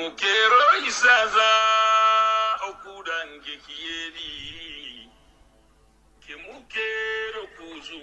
mukero isaza okudangekiyebi kemukero kuzu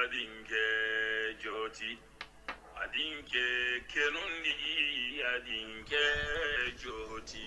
adinge joti adinke kenundi adinge joti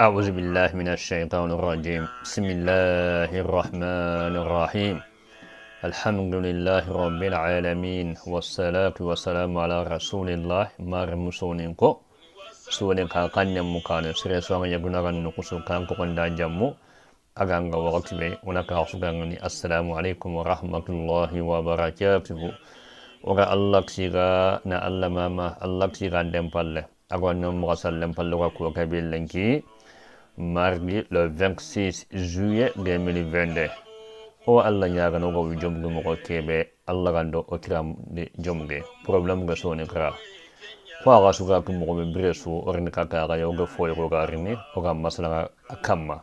أعوذ بالله من الشيطان الرجيم بسم الله الرحمن الرحيم الحمد لله رب العالمين والصلاة والسلام على رسول الله مار مسونينكو سوني كاكان مكان سيري سوان يقول أن نقصو كان كون جمو أغان وقت بي ونكا السلام عليكم ورحمة الله وبركاته ورا الله كسيغا نا الله ماما الله كسيغا دمبالي أغان نمغسل دمبالي وكوكبي لنكي mardi le 26 juillet 2022 o allah ñaganogowi jomgumogo keɓe allah gando o kiramde jomge probléme ga soni kara koaxa suga kumogoɓe bire su orini ka kaxa yawge foyi koga rini oga maslaga a kamma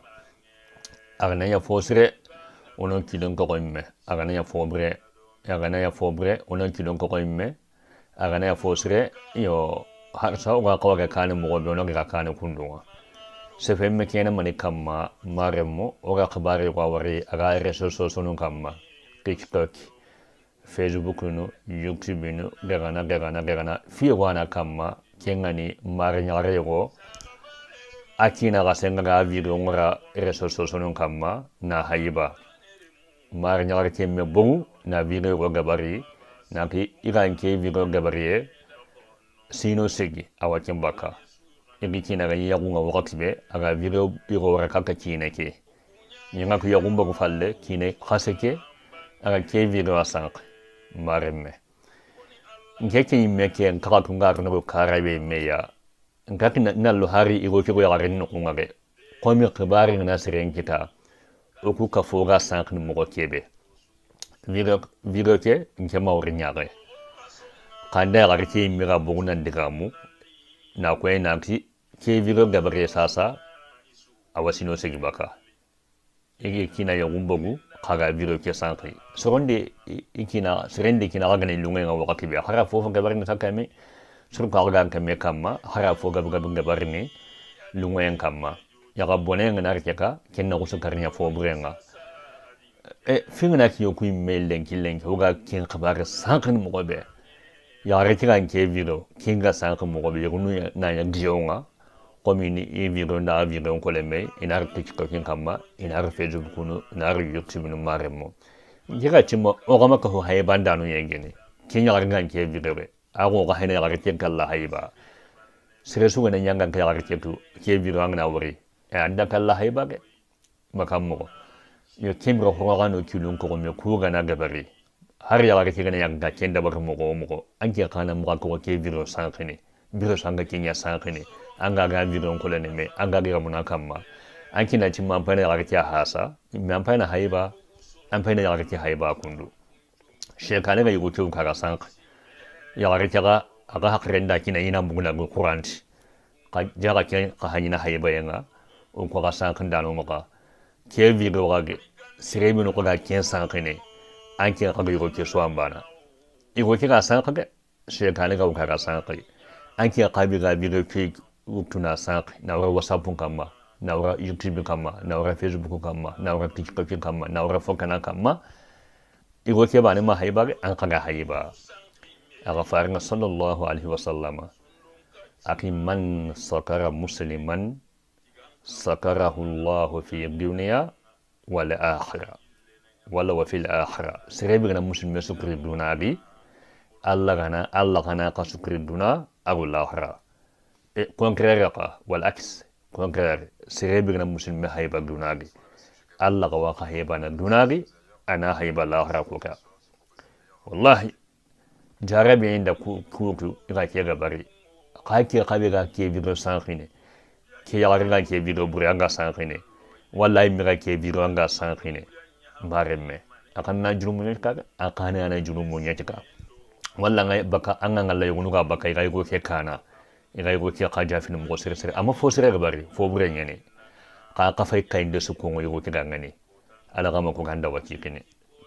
aganaya fo sire onon kilon kogoy me aganaya fo bire aganaya fo bire onon kilon kogoy me aganaya fo sire yo harsa oga kawage kane mogoɓe onoge ka kane kundunga sefemme kena mani kamma maremmo ora kabari wawari aga reso sosonu kamma tiktok facebook no youtube no gagana gagana gagana fiye wana kamma kengani marenyarego akina gasenga ga video ngora reso sosonu kamma na hayiba marenyare kemme bongu na video go gabari na ki iran ke video gabariye sino segi awakin baka ebikinaga y i y a g u n g a wakati be aga video biro wara kaka kine ke yanga ku yagumba ku falle kine khase ke aga ke video asanq m a r e m e nke ke i m e ke nkaka tunga arna ku karabe meya ngati na lo hari igo ke ko yagarin no kunga ke komi khibari na n a siren kita oku ka foga sanq ni mogo kebe video video ke nke m a o r i nyaare kanda yagari ke imme ga buguna ndigamu na kwe na ki ke ಕೇವಿರೋ ಗಬರೆಯ ಸಾಸ ಅವಸಿನೋ baka ege kina ya gumbagu kaga biro ke sanki soronde ikina serende kina agane lunga nga wakati be hara fo fo gabarne me sur ka aga me kama hara fo gabu gabu gabarne lunga yang kama ya ka gabone nga narkeka kenna kusu karnya fo nga e na ki yoku email den killen ki uga kin kabar sankin mugobe ya retiran ke biro kinga sankin mugobe yunu na ya nga komini iviri na aviri onkoleme inari kichikokin kama inari fejubukunu inari yurtimunu maremu jika chimo ogama kahu hai bandanu yengeni kinyo arigan ke viri we agu oga hai na yalari tenkalla hai ba siresu gana nyangan ke yalari tenku ke viri wangna wari e anda kalla hai ba ke makammu ko yo kimro hongaganu kilun kogum yo kuga na gabari hari yalari tenkana yanga kenda barumu ko omu ko anki akana mga kogu ke viri o sangkini viri o sangka kinyo sangkini An an ga vidron kolene me An muna cin ankina timma ampaina yagakya hasa me ampaina haiba ampaina yagakya haiba kundu shekane ga yugo kaga sank yagakya ga aga da kina ina muguna go qur'an ka ka ke ka hanyina haiba yanga on ko ga da ndano maka ke vidro ga Sire no ko ga san kan ne an ka ga yugo ke so bana yugo ke ga ka ga shekane ga kaga An anke ka bi ga bi ga tuna sank na wara whatsapp kama na wara youtube kama na wara facebook kama na wara tiktok kama na wara fokana kama igo ke bani ma haibar an kaga haiba aga farin sallallahu alaihi wasallama aki man sakara musliman sakarahu allah fi dunya wal akhirah wala wa fil akhirah sere bi na muslim sukri dunabi allah gana allah gana ka sukri duna agul akhirah konkrerapa walaks konkrer serebirna musulmi haiba dunari allah gawa ka haiba na dunari ana lahara kuka wallahi jarabe yin da kuku ira ke gabari ka ke kabe ga ke bido sankine ke yare ga ke bido buri an ga sankine wallahi mi ga ke bido an ga sankine maremme akan na jurumu ne kaga akan na jurumu ne kaga wallahi baka an ga Allah ya gunu ga baka ga ko ke kana ina yugo ke ka jafin mo sere sere amma fo sere gbari fo buren yane ka ka fai kain da su ko yugo ke gangane ala gama ko ganda waki kine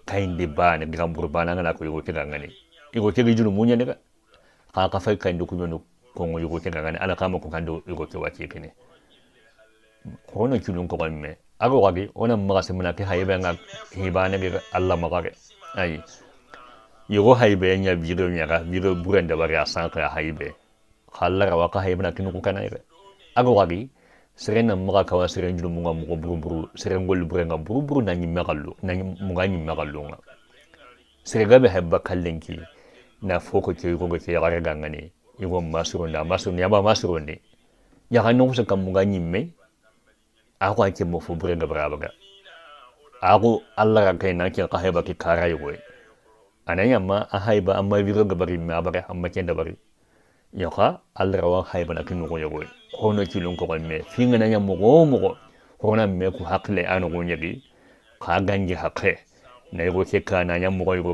kain de bane gram burbana ngala ko yugo ke gangane yugo ke gijunu munya ne ka ka fai kain da ku yono ko yugo ke gangane ala gama ko ganda yugo ki waki kine ko no kulun ko gamme ago gagi ona magase muna ke haybe nga hibane ge alla magare ai yugo haybe ya nya video nya ga video buren da bari asan ka haybe hallara wa kahay bana kinu kana ire ago wagi na mga kawa seren julu munga mugo buru buru seren gol buru nga buru buru nanyi megallo nanyi munga nyi megallo nga serega gabe hebba kallenki na foko ke yugo ke ya ganga ne yugo masuro na masuro ya ba masuro ne ya hanon kusa kan munga nyi me ako ake mo fo buru nga brabaga ako allah ran kai na ke kahay ba ke karayi goy anan yamma a haiba amma biro gabari ma bare amma ken da bari yoka allra wan ki kin go kono ki kilon ko me finga na nyam go kona me ku hakle an go nyabi ka gangi hakre na yogo ke kana nyam go yogo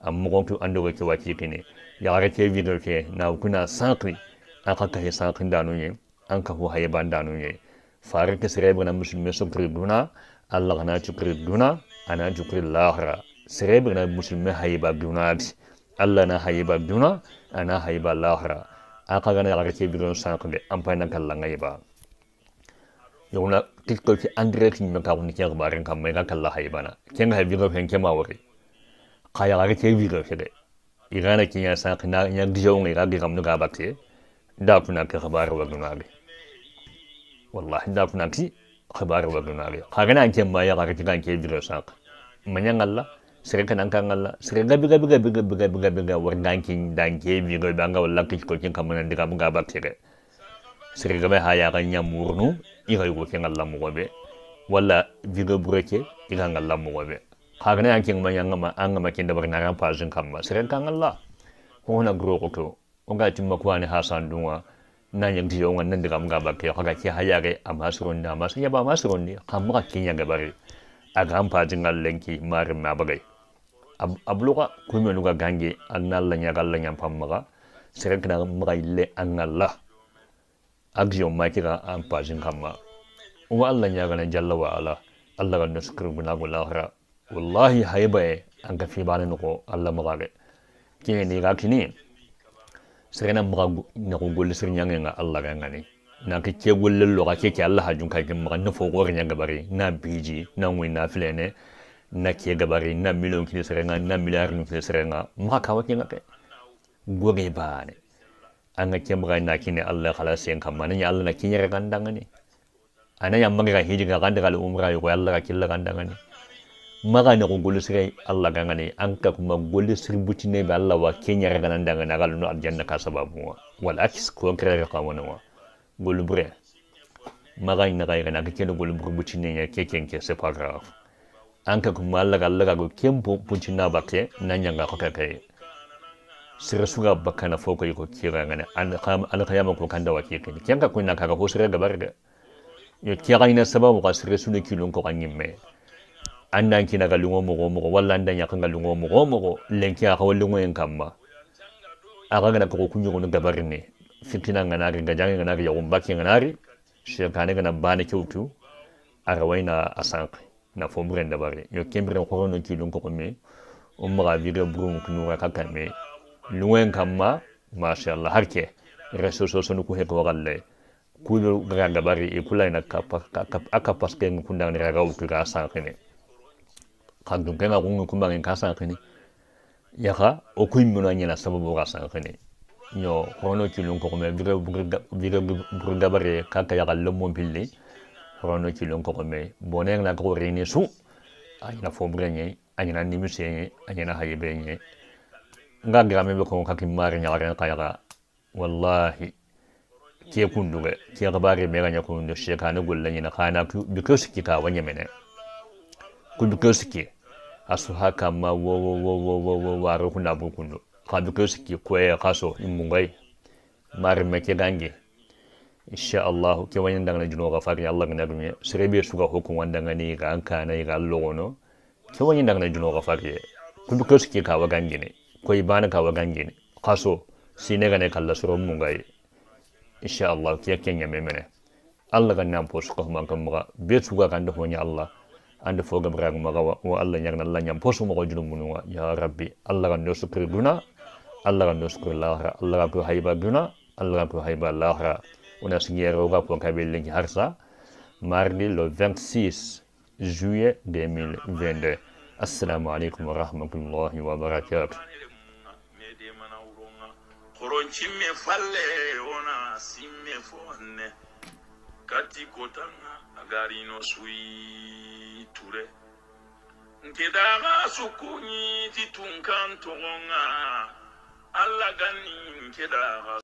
a am ki ando go ke wati kini ya ga ke video ke na kuna sakri an ka he sakri danu ye an ka ho hayban danu ye fare ke sere bana musulmi so duna allah na ci duna ana ci lahra sere bana musulmi hayba duna allah na hayba duna ana hayba lahra aka gana yaga ke bidon san ko be ampay nan kala ngai ba yona tikko ki andre ki me ka woni ke gabarin kan mai ka kala hay bana ken ha bidon hen ke ma wori ka yaga ke bidon ke de igana ki ya san kana ya dijo ngai ga gam no ga bakte da kuna ke gabar wa gunari wallahi da kuna ki gabar wa gunari ka gana an ke ma yaga ke kan ke bidon san manyan Allah sere kana kan Allah sere gabi gabi gabi gabi gabi gabi gabi wannan kin dan bi go ban ga wallahi kiko kin kamun diga mun ga ba sere gabe ha ya kan ya murnu i ga go kin Allah mu gobe walla bi go bureke i ga Allah mu gobe ha ga nan kin man yan ma an ga makin da barna ran fazin kan ma sere kan Allah ko na gro ko to on ga timma ko ne hasan dunwa nan yang tiyo wannan diga mun ga ba ke ha ga ki ha ya ga amma surun da amma sai ba ma surun ne kan ga kin ya gabare agam patin allenki marim na bagay abluga kumenuga gangi annalla nyagalla nyampamaga serekna magaille annalla action makira an patin kamma wa allah nyagana jalla wa ala allah ganno sukru buna gulahra wallahi haybae an ka fi banin ko allah magare kini ni ga kini serena magagu na ko golle sernya nga allah ga ngani na ka ke gullin lo ka ke ke Allah hajun ka kin magan nufo ko ganya gabare na biji na win na flene na ke gabare na miliyon kilo serenga na ni kilo serenga ma ka wake ngake gore ba ne an ga ke magan na kine Allah khalas yan kan manan ya Allah na kin yar gandanga ne anan ya magan hiji ga ganda gal umra yo Allah ka killa gandanga ne maga na gulu sire Allah ganga ne an ka kuma gulu sirbuci ne ba Allah wa kin yar gandanga na galu aljanna ka sababu wal aks ko kare ka wa golbret magagne kayre na kekelo golbret bucine ya keken ke c'est pas anka kuma Allah Allah go kempo puncina bakke nanya ga kaka kai sira suga bakka foko yiko kira ngane an kham an khayama ko kanda wa keken kenka kunna kaga ko sira ga barga yo kira ina sababu ka sira sunu kilon ko kanyimme andan kina ga lungo mugo mugo walla andan ya kan ga lungo mugo mugo lenki a hawlungo en kamma aga ga na ko kunyo no gabarne fitina nganari gajangi nganari ya umbaki nganari shirkane gana bane kyutu arawaina asanqi na fombre ndabare yo kembre ko no kilun ko me umma ga video brum kunu ka kame luen kamma masha Allah harke reso so so ku he ko galle kulo ga ndabare e kula ina kapa aka paske ngunda ni ga ku ga asanqi ne kan dun kenga kungu kumbangin kasanqi ne yaha okuimuna nyana sababu ga asanqi ne nyo horono kilun ko me bire bire bire gabare ka ka yagal lomo pille horono kilun ko me bonen na ko rene su anyina fo brenye anyina nimisenye anyina hayebenye nga grame be ko ka kimare nyawara ka yaga wallahi ke kunduga ke gabare me ganya kundu shekana gullanya na kana ku bikoski ka wanya mene ku bikoski asu haka ma wo wo wo wo wo wo wo aru kuna bukundu. Kadu kusi ki kwe ya kaso imungai. Mari meke gangi. Insha Allah, ke wanyan dangana juno ga fakin Allah gina gumi. Sirebi ya suga hukum wan dangani ga anka na iga logo no. Ke wanyan dangana juno ga fakin. Kudu kusi ki kawa gangi ni. Koi bana kawa gangi ni. Kaso, sine gane kalla suru imungai. Insha Allah, ke kenya memene. Allah gana posu kohman kumga. Bia suga gandu huwanya Allah. عند فوق برغ مغوا والله يغن الله نيام بوسو مغو جلو منو يا ربي الله غن نسكر بنا الله غن نسكر الله الله غن حيبا بنا الله غن حيبا الله ونا سنير روغا بوان كابل لنك هرسا ماردي لو 26 جوية 2022 السلام عليكم ورحمة الله وبركاته Koronchi me falle ona sim me kotanga agari no inoswiture nkedaka sukuni titunkan gani allagani nkedaka